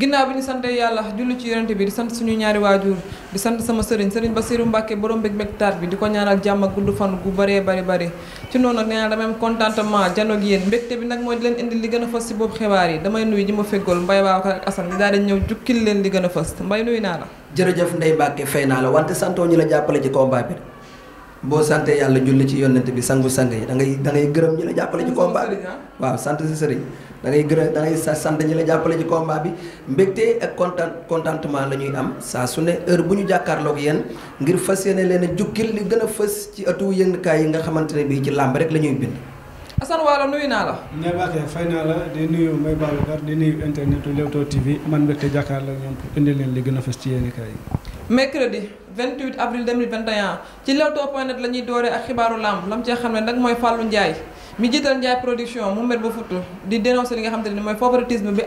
ginnaaw bi ñu santee yàlla julli ci yonente bi di sant suñu ñaari waajur di sant sama sëriñ sëriñ Basiru Mbàkke borom bég bég taat bi di ko ñaanal jàmm ak gudd fan gu bare bëri bëri ci noonu nag nee naa damay am contentement janoog yéen mbégte bi nag mooy di leen indi li gën a fës si boobu xibaar yi damay nuyu ñi ma feggool Mbaye Babacar ak Assane ñu daal di ñëw jukkil leen li gën a fës Mbaye nuyu naa la jërëjëf Ndeye Mbacke fay naa la wante santoo ñu la jàppale ci combat bi boo sante yàlla julli ci yonent bi sangu sang yi da ngay da ngay gërëm ñi la jàppale ci combat bi ah? waaw sant si sëriñ da ngay gërëm da ngay sant ñi la jàppale ci combat bi mbégte ak content contentement la ñuy am saa su ne heure bu ñu jàkkaarlook yéen ngir fas yéene leen a jukkil li gën a fës ci atu yëngkaay yi nga xamante ne bii ci làmb rek la ñuy bind. Assane Waala nuyu naa la. Ndeye Mbacke la di nuyu May Babacar di nuyu internet Leewtoo TV man mbégte jàkkaarloo ak ñoom pour indi leen gën a fës ci yéen 28 avril 2021 ci Leewtoo point net la ñuy dooree ak xibaaru làmb lam cee xam ne nag mooy Fallou njaay mi jiital Ndiaye production mu mer ba futu di dénoncer li nga xam ne ne mooy favoritisme bi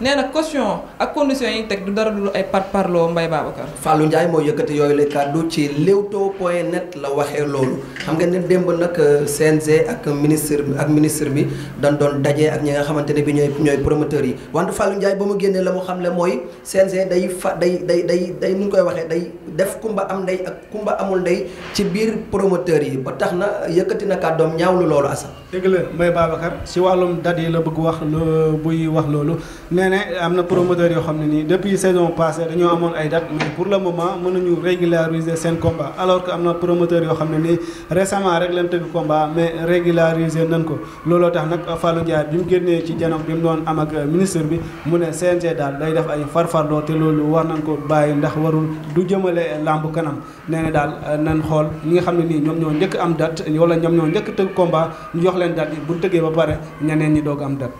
nee na caution ak conditions yi teg du dara dul ay par parloo Mbaye Babacar. Fallou Ndiaye moo yëkkati yooyu la kàddu ci Leewtoo point net la waxee loolu xam nga ne démb nag euh, CNG ak ministre ak ministre bi dañ doon daje ak ñi nga xamante ne bi ñooy ñooy promoteurs yi wante Fallou Ndiaye ba mu génnee la mu xam ne mooy CNG day fa day day day day nu ñu koy waxee day def kumba am ndey ak kumba amul ndey ci biir promoteurs yi ba tax na yëkkati na kàddu kàddoom ñaawlu loolu Assane. dëgg la Mbaye Babacar si wàllum date yi la bëgg wax loo buy wax loolu nee na am na promoteur yoo xam ne nii depuis saison passée dañoo amoon ay date mais pour le moment mën nañu régulariser seen combat alors que am na promoteur yoo xam ne nii récemment rek lañ tëgg combat mais régulariser nañ ko looloo tax nag Fallou Ndiaye bi mu génnee ci janoog bi mu doon am ak ministre bi mu ne CNG daal day def ay farfarloo loolu war nañ ko bàyyi ndax warul du jëmale làmb kanam nee na daal nañ xool ñi nga xam ne nii ñoom ñoo njëkk am date wala ñoom ñoo njëkk njëkk tëgg combat ñu jox leen date bu tëggee ba pare ñeneen ñi doog am date.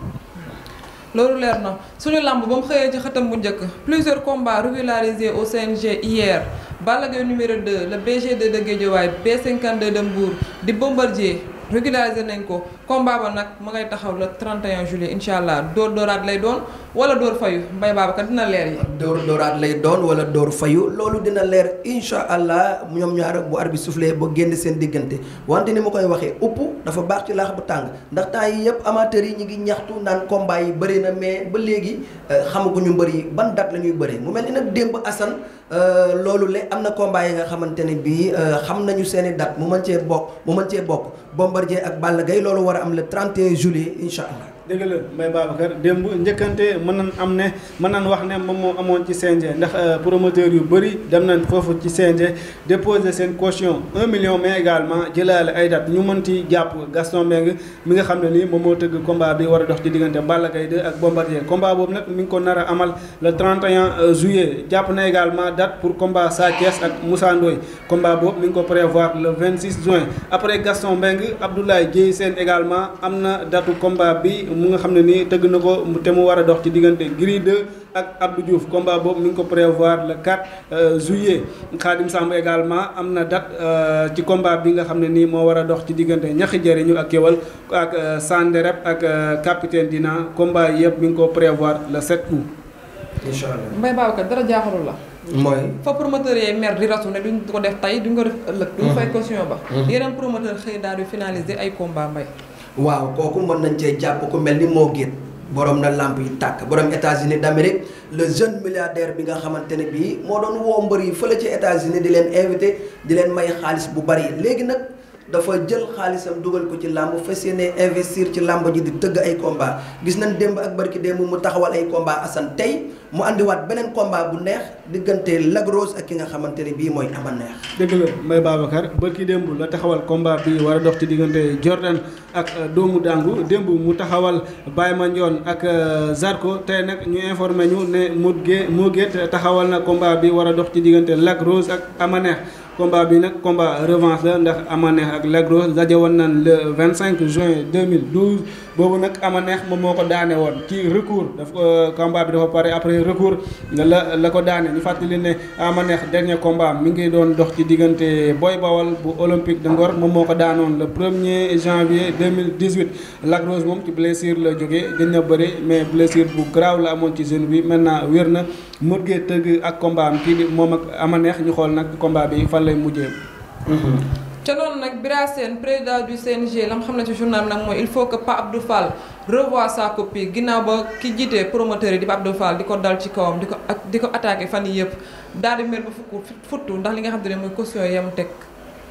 loolu leer na suñu làmb ba mu xëyee ci xëtam bu njëkk plusieurs combats régularisés au CNG hier Balla Gaye numéro 2 le BG2 de Guédiawaye B52 de Mbour di Bombardier régulariser nañ ko combat ba nag ma ngay taxaw le 31 juillet incha allah door dooraat lay doon wala dóor fayu mbay Babacar dina leer yi. door dóoraat lay doon wala dóor fayu loolu dina leer incha allah ñoom ñaar bu arbitre bi soufflé ba génn seen diggante wante ni ma koy waxee upp dafa baax ci laax bu tàng ndax temps yi yëpp amateurs yi ñu ngi ñaxtu naan combat yi bëri na mais ba léegi euh, xamaguñu mbër yi ban date la ñuy bëri mu mel ni nag démb Assane. Euh, loolu le am na combat yi nga xamante ne bii euh, xam nañu seeni date mu mën cee bokk mu mën cee bokk Bombardier ak Balla Gaye loolu war a am le 31 juillet incha allah. dëgg la Mbaye Babacar démb njëkkante mën nañ am ne mën nañ wax ne moom moo amoon ci CNG ndax euh, promoteur yu bëri dem nañ foofu ci CNG déposer seen caution 1 million mais également jëlaale ay date ñu mën ci jàpp Gaston Mbengue mi nga xam ne nii moom moo tëgg combat bi war a dox ci diggante Balla Gaye 2 ak Bombardier combat boobu nag mi ngi ko nara a amal le 31 euh, juillet jàpp na également date pour combat Sa Thiès ak Moussa Ndoye combat boobu mi ngi ko prévoir le 26 juin après Gaston Mbengue Abdoulaye Dieye Sène également am na datu combat bi mu nga xam ne nii tëgg na ko te mu war a dox ci diggante Gris 2 ak Abdou Diouf combat boobu mi ngi ko prévoir le 4 euh, juillet Khadim samba également am na date euh, ci combat bi nga xam ne nii moo war a dox ci diggante ñaxi jëriñu ak Kewal ak euh, Sanderep ak capitaine Dina combat yëpp mu ngi ko prévoir le 7 août. incha allah Mbaye Babacar dara jaaxalul la. mooy fa promoteur yee mer di rasu ne duñ ko def tey duñ ko def ëllëg. Mm-hmm. duñ fay caution ba. Mm-hmm. yeneen promoteur xëy daal di ay combat waaw kooku mën nañ cee jàpp ko mel ni moo géet boroom na làmp yi tàkk borom États-Unis d'Amérique le jeune milliardaire bi nga xamante ne bii moo doon woo mbër yi fële ci États-Unis di leen invité di leen may xaalis bu bari léegi nag. dafa jël xaalisam dugal ko ci làmb fas ne investir ci làmb ji di tëgg ay combat gis nañ démb ak barki démb mu taxawal ay combat Assane tey mu indiwaat beneen combat bu neex diggante Lac ak ki nga xamante ne bii mooy ama neex. dëgg la Mbaye Babacar barki démb la taxawal combat bi war a ci diggante Jordan ak euh, doomu dàngu démb mu taxawal Baye Mandione ak euh, Zarko tey nag ñu informé ñu ne Modou Gueye Modou Gueye taxawal na combat bi war a dox ci diggante Lac Rose ak ama neex. combat bi nag combat revanche la ndax Amaneex ak Lac Rose daje woon nañ le 25 juin 2012 boobu nag neex moom moo ko daane woon ci recours daf ko combat bi dafa pare après recours la la ko daane ñu fàttali ne Amaneex dernier combat mi ngi doon dox ci diggante Boy Bawal bu Olympique de Ngor moom moo ko daanoon le 1er janvier 2018 Lac Rose moom ci blessure la jóge gën na bëri mais blessure bu grave la amoon ci jeune bi maintenant wér na. Modou Gueye tëgg ak combat kii moom ak ama neex ñu xool nag combat bi fan lay mujjee. Mhm. ca noonu nag Bira Sène président du CNG lam xam ne ci journal nag mooy il faut que Pape Abdou Fall revoie sa copie ginnaaw ba ki jiitee promoteur yi di Pape Abdou Fall di ko dal ci kawam di ko di ko attaqué fan yii yëpp daal di mer ba fukk futtu ndax li nga xam te ne mooy caution yam teg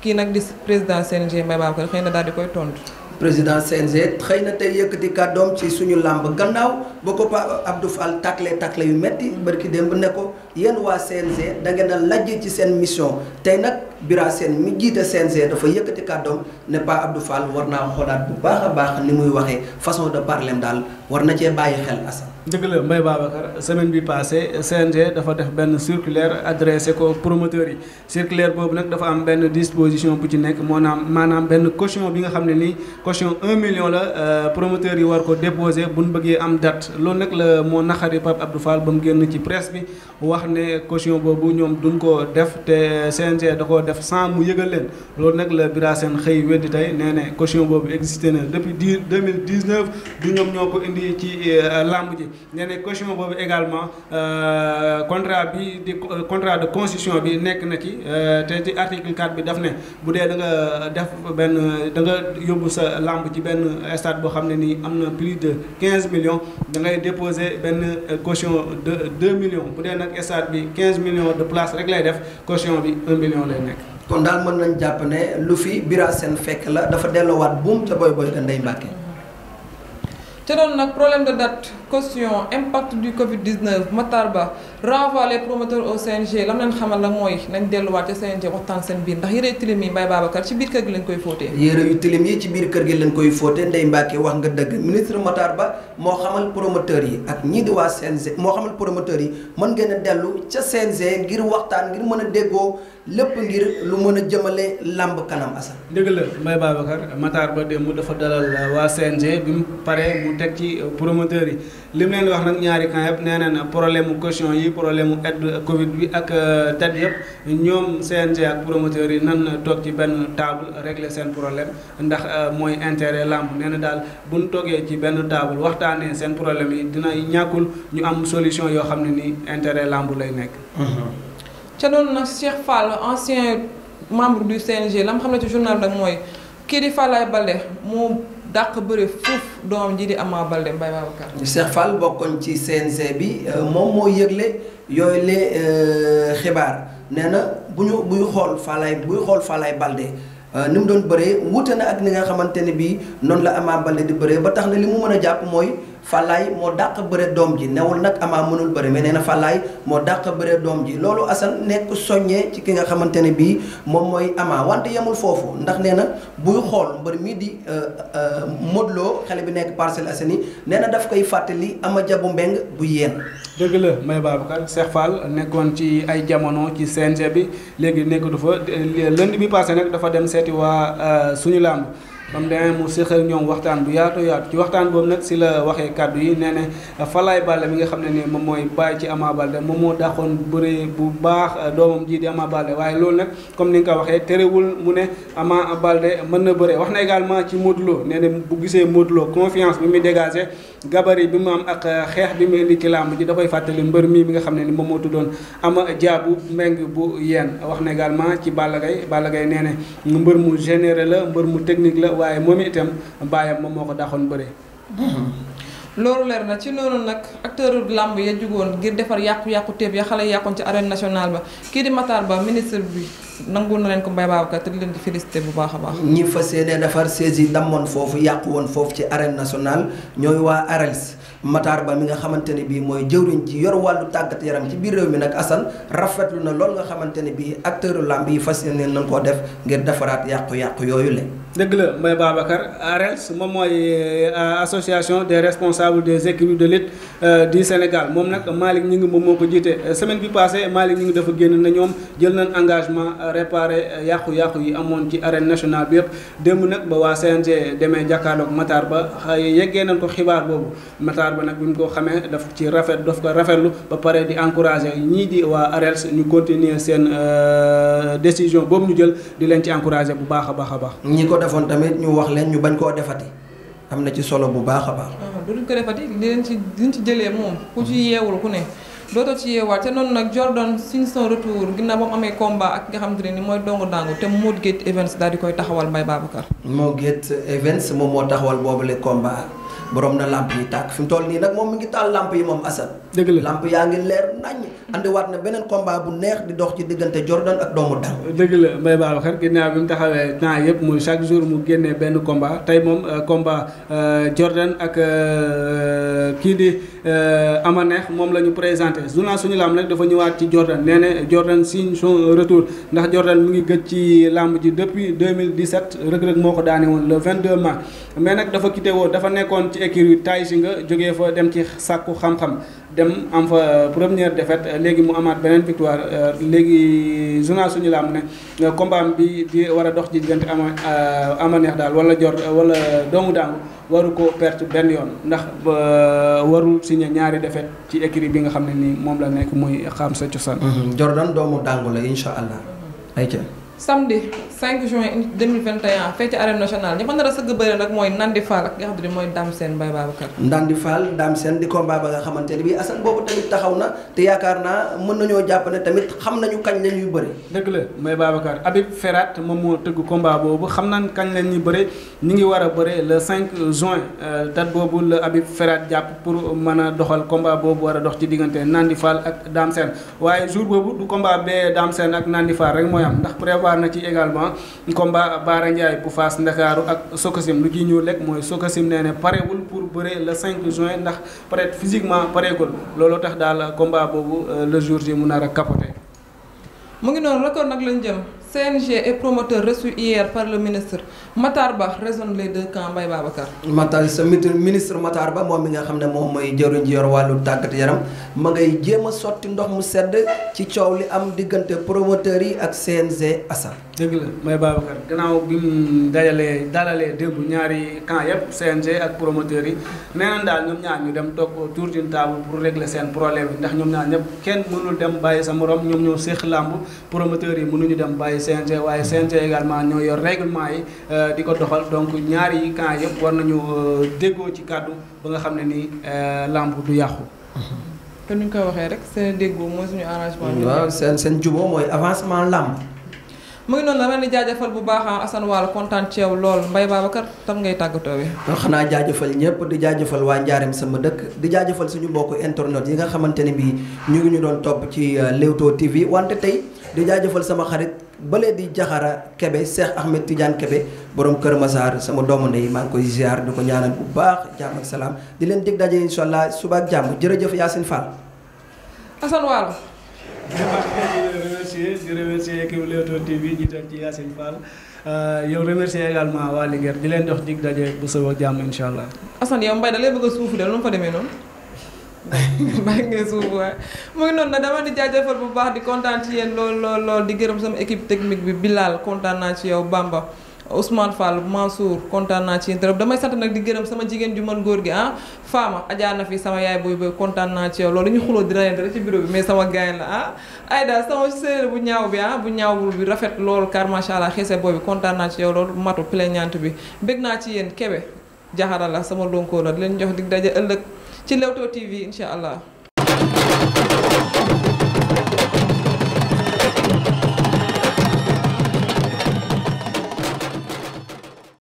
kii nag di président CNG Mbaye Babacar xëy na daal di koy tontu. président CNG xëy na tey yëkkati kàddoom ci suñu làmb gannaaw ba ko Pa Abdou Fall tàkkle tàkkle yu metti barki démb ne ko yéen waa seen da ngeen a lajj ci seen mission tey nag Bira Sène mi jiite CNG dafa yëkkati kàddoom ne Pa Abdou Fall war naa xoolaat bu baax a ni muy waxee façon de parler daal war na cee bàyyi xel Assane. dëgg la Mbaye Babacar semaine bi passée CNG dafa def benn circulaire adressé ko promoteurs yi circulaire boobu nag dafa am benn disposition bu ci nekk moo naam maanaam benn caution bi nga xam ne nii caution 1 million la euh, promoteur yi war ko déposé bu ñu bëggee am date loolu nag la moo naxari pa Abdou Fall ba mu ci presse bi wax ne caution boobu ñoom duñ ko def te CNG da koo def sans mu yëgal leen loolu nag la Bira Sène xëy weddi tey nee ne caution boobu existé na depuis dix deux mille dix neuf du ñoom ñoo ko indi ci euh, làmb ji nee ne caution boobu également euh, contrat bi di euh, contrat de concession bi nekk na ci te ci article 4 bi daf ne bu dee da nga def benn da nga yóbbu sa làmb ji benn stade boo xam ne nii am na plus de quinze millions da ngay déposer benn caution de deux millions bu dee nag stade bi quinze millions de place rek lay def caution bi un million lay nekk kon daal mën nañ jàpp ne lu fi Bira seen fekk la dafa delloowaat buum ca booy boy ga Ndeye Mbacke. ca doon nag problème de date caution impact du Covid 19 Matar Ba. renvoie les promoteurs au CNG lam leen xamal la mooy nañ delluwaat ca CNG waxtaan seen biir ndax yére yu tilim yi Mbaye Babacar ci biir kër gi lañ koy fóotee yére yu tilim yi ci biir kër gi lañ koy fóotee Ndeye Mbacke wax nga dëgg ministre Matar Ba moo xamal promoteur yi ak ñii di waa CNG moo xamal promoteur yi man ngeen a dellu ca CNG ngir waxtaan ngir mën a déggoo lépp ngir lu mën a jëmale làmb kanam Assane dëgg la Mbaye Babacar Matar Ba démb waa CNG bi mu paree teg ci promoteurs yi lim ni wax nag ñaari camp yëpp ne na problème mu caution yi problème mu aide Covid bi ak euh, tet yëpp ñoom CNG ak promoteurs yi nan toog ci benn table régler seen problème ndax euh, mooy intérêt lamb ne na daal bu ñu toogee ci benn table waxtaanee seen problème yi dina ñàkkul ñu am solution yoo xam ne nii intérêt lamb lay nekk. Mhm. ca loolu nag Cheikh Fall ancien membre du CNG la mu xam ne ci journal nag mooy kii di Falaye Balé moo. dàq bëre foofu doom ji di Ama Baldé Mbaye Babacar. Cheikh Fall bokkoon ci CNG bi euh, moom moo yëgle yooyu le euh, xibaar nee na bu ñu buy xool Falaye buy xool Falaye Baldé euh, ni mu doon bëree wuute na ak ni nga xamante ne bii noonu la Ama Baldé di bëree ba tax na li mu mën a jàpp mooy. fallaay moo dàq bëre doom ji newul nag Ama mënul bëre mais nee na moo dàq bëre doom ji loolu Assane nekk soññee ci ki nga xamante ne bii moom mooy Ama wante yemul foofu ndax nee na buy xool mbër mi di euh, euh, Modou Lo xale bi nekk Parcelles Assainies nee na daf koy fàttali Ama Diabou Mbengue bu yéen. dëgg la May Babacar Cheikh Fall nekkoon ci ay jamono ci CNG bi léegi nekkatu fa lundi bi passé nag dafa dem seeti waa euh, suñu làmb. ba mu demee mu séq ñoom waxtaan bu yaato yaatu ci waxtaan boobu nag si la waxee kàddu yi nee na Falaye Baldé mi nga xam ne ni moom mooy bàyyi ci Ama Baldé moom moo dàqoon bëre bu baax doomam jii di Ama Baldé waaye loolu nag comme ni nga ko waxee terewul mu ne Ama Baldé mën na bëre wax na également ci Modou Lo bu gisee Modou Lo confiance bi muy dégagé gabari bi mu am ak euh, xeex bi mu indi ci làmb ji da koy fàttali mbër mii bi nga xam ne ni moom moo tuddoon ama jaabu mbeng bu yeen wax na ci Balla Gaye Balla gay nee ne mbër mu généré la mbër mu technique la waaye moom itam bàyyam moom moo ko daaxoon bëre mhm. loolu leer na ci loolu nag acteur làmb ya jugoon ngir defar yàqu-yàqu téeb ya xale yàqoon ci arène nationale ba kii di Matar Ba ministre bi nangu na leen ko Mbaye Babacar te di leen di félicité bu baax a baax. ñi fas yéene defar saisi dammoon foofu yàqu woon foofu ci arène nationale ñooy waa ARELS. Matar Ba mi nga xamante ne bii mooy jëwriñ ji yor wàllu tàggat yaram ci biir réew mi nag Assane rafetlu na lool nga xamante ne bii acteur làmb yi fa yéene nañ koo def ngir defaraat yàqu-yàqu yooyu la. dëgg la mooy Babacar ARELS moom mooy euh, association des responsables des équipes de lutte euh, du Sénégal moom nag Malick ñi ngi moom moo ko jiite semaine bi passée Malick ñi ngi dafa génn na ñoom jël nañ engagement euh, réparer yàqu-yàqu yi amoon ci arène national bi yëpp démb nag ba waa CNG demee jàkkaarloog Matar Ba yeggee nañ ko xibaar boobu Matar ba nag bi mu ko xamee daf ci rafet daf ko rafetlu ba pare di encouragé ñii di waa ARELS ñu continuer seen euh, décision boobu ñu jël di leen ci encouragé bu baax a baax a baax. ñi ko defoon tamit ñu wax leen ñu bañ koo defati am na ci solo bu baax a baax. Ah, duñ ko defati di leen ci di ci jëlee moom ku ci yeewul ku ne. dootoo ci yeewaat te noonu nag Jordan signe son retour ginnaaw ba mu amee combat ak nga xamante ne ni mooy dongu dangu te Moodgate Events daal di koy taxawal Mbaye Babacar. Moodgate Events moom moo taxawal boobule combat. borom na lamp yi tàkk fi mu nii nag moom mi ngi taal lamp yi moom Assane dëgg la yaa ngi leer nañ andiwaat na beneen combat bu neex di dox ci diggante Jordan ak doomu daan dëgg la Mbaye Ba waxar ginnaaw bi mu taxawee temps yëpp muy chaque jour mu génnee benn combat tey moom euh, combat euh, Jordan ak euh, kii di ama neex moom la ñu présenté journal suñu lamb nag dafa ñëwaat ci Jordan nee na Jordan signe son retour ndax Jordan mu ngi gëj ci lamb ji depuis mille 2017 Reug Reug moo ko daane woon le 22 mars mais nag dafa quitté woon dafa nekkoon ci écurie Tay Shinger jógee fa dem ci sàkku xam dem am fa première défaite euh, léegi mu amaat beneen victoire euh, léegi journal suñu laam ne euh, combat bi di war a dox ci diggante ama ama neex daal wala jor wala doomu daangu waru ko perte benn yoon ndax warul signé ñaari défaite ci écurie bi nga xam ne nii moom la nekk muy xam sa cosaan. Mhm. Jordan doomu dàngu la incha allah. ayca samedi. cinq juin 2021 fekk ci arène nationale ñi mën nar a sëgg bëre nag mooy Nandi Fall ak nga xam ne mooy Dame Sène Mbaye Babacar Nandi Fall nga xamante ne bii Assane na te yaakaar naa mën nañoo jàpp tamit xam nañu kañ la ñuy bëri dëgg la Mbaye Babacar Habib Ferrat moom moo tëgg combat boobu xam naan kañ la ñuy bëri ñi ngi war a bëri le 5 juin euh, boobu la Habib Ferrat jàpp pour mën a doxal combat boobu war dox ci diggante Nandi Fall ak Dame Sène waaye jour boobu du combat bee Dame Sène ak Nandi Fall rek mooy am ndax prévoir ci également franc combat Baara Ndiaye bu Fass Ndakaaru ak Sokosim lu ji ñuul rek mooy Sokosim nee ne parewul pour bëre la cinq juin ndax peut-être physiquement pareegul looloo tax daal combat boobu euh, le jour ji mu nar a mu ngi noonu record nag lañ jëm CNG et promoteur reçu hier par le ministre Matar Ba raisonne les deux camps Mbaye Babacar. Matar sa ministre Matar Ba moom mi nga xam ne moom mooy jëruñ ji wàllu tàggat yaram ma ngay jéem a sotti ndox mu sedd ci coow li am diggante promoteur yi ak CNG Assane. dëgg la may Babacar gannaaw bi mu dajalee dalalee démb ñaari kan yëpp CNG ak promoteurs yi nee nañ daal ñoom ñaar ñu dem toog autour d'une table pour régler seen problème yi ndax ñoom ñaar ñëpp kenn mënul dem bàyyi sa morom ñoom ñoo séq làmb promoteurs yi mënuñu dem bàyyi CNG waaye CNG également ñoo yor réglement yi euh, di ko doxal donc ñaari camp yëpp war nañu euh, déggoo ci kàddu ba nga xam ne nii euh, làmb du yàqu. kon ni ñu koy waxee rek seen déggoo mooy suñu arrangement. waaw seen seen jubóo mooy avancement làmb. mu ngi noonu dama leen di jaajëfal bu baax ah Assane Wall kontaan ci yow lool Mbaye Babacar tam ngay tàggatoo wi. xanaa jaajëfal ñëpp di jaajëfal waa Njaareem sama dëkk di jaajëfal suñu mbokku internet yi nga xamante ne bii ñu ngi ñu doon topp ci euh, Leewtoo TV wante tey di jaajëfal sama xarit. balee di jaxara Kebe Cheikh Ahmed Tidiane Kebe boroom Kër masaar sama doomu ndey maa ngi koy ziar di ko ñaanal bu baax jàmm ak salaam di leen dig daje incha subaak jàmm jërëjëf Yacine Fall. Assane remercier di remercier équipe Leewtoo TV jiital ci Yacine Fall euh, yow remercier également waa Linguère di leen jox dig daje bu soo jàmm incha allah. yow Mbaye da bëgg a suufu de lu mu fa demee noonu. bàyyi ngeen suuf waay mu ngi noonu dama di jaajëfal bu baax di kontaan ci yéen lool lool lool di gërëm sama équipe technique bi Bilal kontaan naa ci yow Bamba. Ousmane Fall Mansour kontaan naa ci yéen trop damay sant nag di gërëm sama jigéen ju mën góor gi ah faama Adja fi sama yaay booy booy kontaan naa ci yow loolu ñu xuloo dina leen dara ci bureau bi mais sama gaay la ah Aïda sama séeréer bu ñaaw bi ah bu ñaawul bi rafet loolu car macha allah xese booy bi kontaan naa ci yow loolu matu plaignante bi bég naa ci yéen kebe jaxara la sama lonkoo la leen jox di daje ëllëg ci Leewtoo TV incha allah